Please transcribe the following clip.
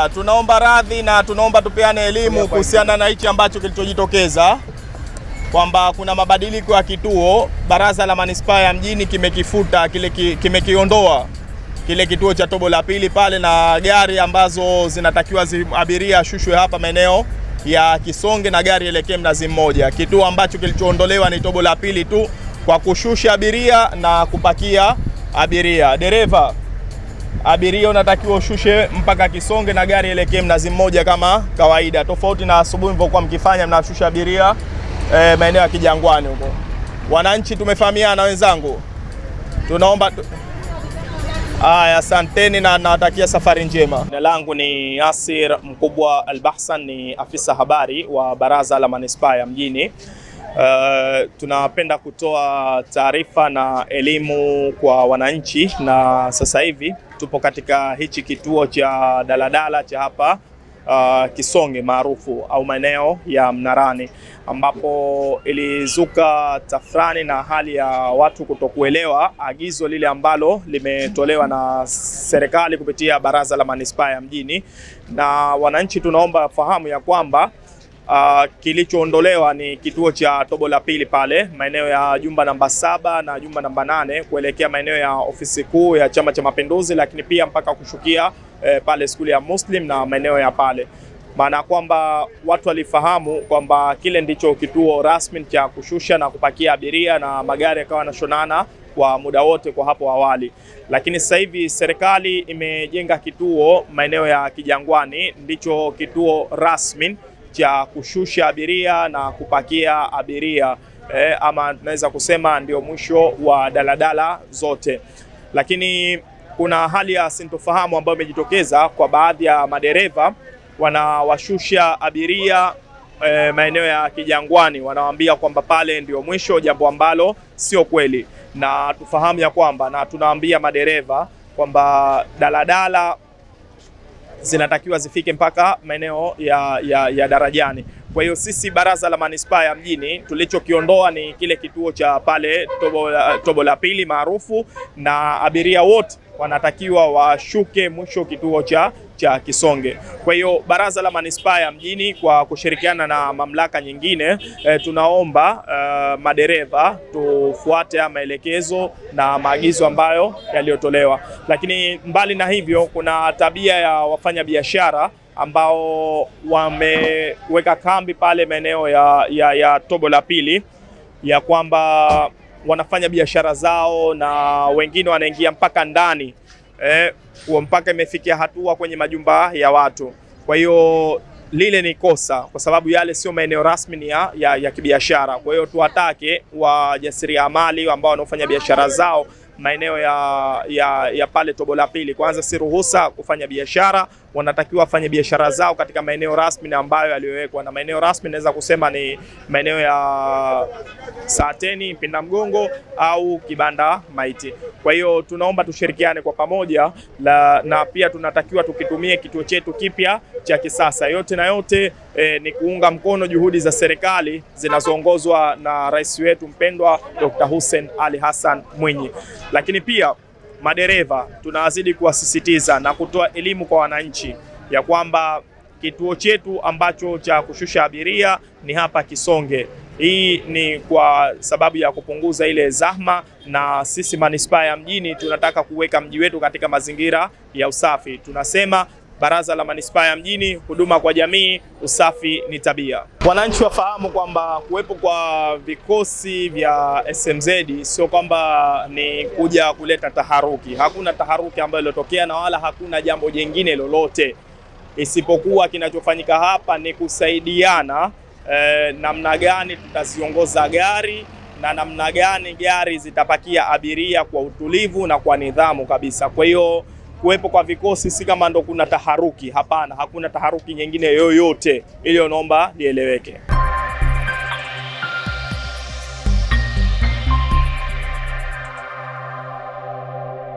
Ah, tunaomba radhi na tunaomba tupeane elimu kuhusiana na hichi ambacho kilichojitokeza kwamba kuna mabadiliko ya kituo. Baraza la manispaa ya mjini kimekifuta kile, kimekiondoa kile kituo cha Tobo la Pili pale, na gari ambazo zinatakiwa abiria shushwe hapa maeneo ya Kisonge na gari elekee Mnazi Mmoja. Kituo ambacho kilichoondolewa ni Tobo la Pili tu kwa kushusha abiria na kupakia abiria. Dereva abiria unatakiwa ushushe mpaka Kisonge na gari elekee Mnazi Mmoja kama kawaida, tofauti na asubuhi mlivyokuwa mkifanya mnashusha abiria e, maeneo ya Kijangwani huko. Wananchi tumefahamiana wenzangu, tunaomba tu... Aya, asanteni na nawatakia safari njema. Jina langu ni Asir Mkubwa Albahsan, ni afisa habari wa Baraza la Manispaa ya Mjini. Uh, tunapenda kutoa taarifa na elimu kwa wananchi, na sasa hivi tupo katika hichi kituo cha daladala cha hapa uh, Kisonge maarufu au maeneo ya Mnarani, ambapo ilizuka tafrani na hali ya watu kutokuelewa agizo lile ambalo limetolewa na serikali kupitia Baraza la Manispaa ya Mjini, na wananchi tunaomba fahamu ya kwamba Uh, kilichoondolewa ni kituo cha Tobo la pili pale maeneo ya jumba namba saba na jumba namba nane kuelekea maeneo ya ofisi kuu ya Chama cha Mapinduzi, lakini pia mpaka kushukia eh, pale skuli ya Muslim na maeneo ya pale, maana kwamba watu walifahamu kwamba kile ndicho kituo rasmi cha kushusha na kupakia abiria na magari yakawa yanashonana kwa muda wote kwa hapo awali, lakini sasa hivi serikali imejenga kituo maeneo ya Kijangwani, ndicho kituo rasmi cha kushusha abiria na kupakia abiria eh, ama naweza kusema ndio mwisho wa daladala zote, lakini kuna hali ya sintofahamu ambayo imejitokeza kwa baadhi ya madereva wanawashusha abiria e, maeneo ya Kijangwani, wanawaambia kwamba pale ndio mwisho, jambo ambalo sio kweli, na tufahamu ya kwamba na tunaambia madereva kwamba daladala zinatakiwa zifike mpaka maeneo ya, ya, ya Darajani. Kwa hiyo sisi baraza la manispaa ya mjini tulichokiondoa ni kile kituo cha pale Tobo la, Tobo la pili maarufu, na abiria wote wanatakiwa washuke mwisho kituo cha, cha Kisonge. Kwa hiyo baraza la manispaa ya mjini kwa kushirikiana na mamlaka nyingine e, tunaomba e, madereva tufuate maelekezo na maagizo ambayo yaliyotolewa. Lakini mbali na hivyo, kuna tabia ya wafanyabiashara ambao wameweka kambi pale maeneo ya, ya, ya Tobo la Pili ya kwamba wanafanya biashara zao na wengine wanaingia mpaka ndani eh, mpaka imefikia hatua kwenye majumba ya watu. Kwa hiyo lile ni kosa, kwa sababu yale sio maeneo rasmi ya, ya, ya kibiashara. Kwa hiyo tuwatake wajasiriamali ambao wanaofanya biashara zao maeneo ya, ya, ya pale Tobo la Pili, kwanza si ruhusa kufanya biashara wanatakiwa wafanye biashara zao katika maeneo rasmi na ambayo yaliyowekwa, na maeneo rasmi naweza kusema ni maeneo ya Saateni, Mpinda Mgongo au Kibanda Maiti. Kwa hiyo tunaomba tushirikiane kwa pamoja la, na pia tunatakiwa tukitumie kituo chetu kipya cha kisasa. Yote na yote eh, ni kuunga mkono juhudi za serikali zinazoongozwa na rais wetu mpendwa Dr. Hussein Ali Hassan Mwinyi, lakini pia madereva tunazidi kuwasisitiza na kutoa elimu kwa wananchi ya kwamba kituo chetu ambacho cha kushusha abiria ni hapa Kisonge. Hii ni kwa sababu ya kupunguza ile zahma, na sisi manispaa ya mjini tunataka kuweka mji wetu katika mazingira ya usafi. Tunasema Baraza la Manispaa ya Mjini, huduma kwa jamii, usafi ni tabia. Wananchi wafahamu kwamba kuwepo kwa vikosi vya SMZ sio kwamba ni kuja kuleta taharuki. Hakuna taharuki ambayo iliyotokea na wala hakuna jambo jingine lolote, isipokuwa kinachofanyika hapa ni kusaidiana eh, namna gani tutaziongoza gari na namna gani gari zitapakia abiria kwa utulivu na kwa nidhamu kabisa. Kwa hiyo kuwepo kwa vikosi si kama ndo kuna taharuki. Hapana, hakuna taharuki nyingine yoyote, ili naomba lieleweke.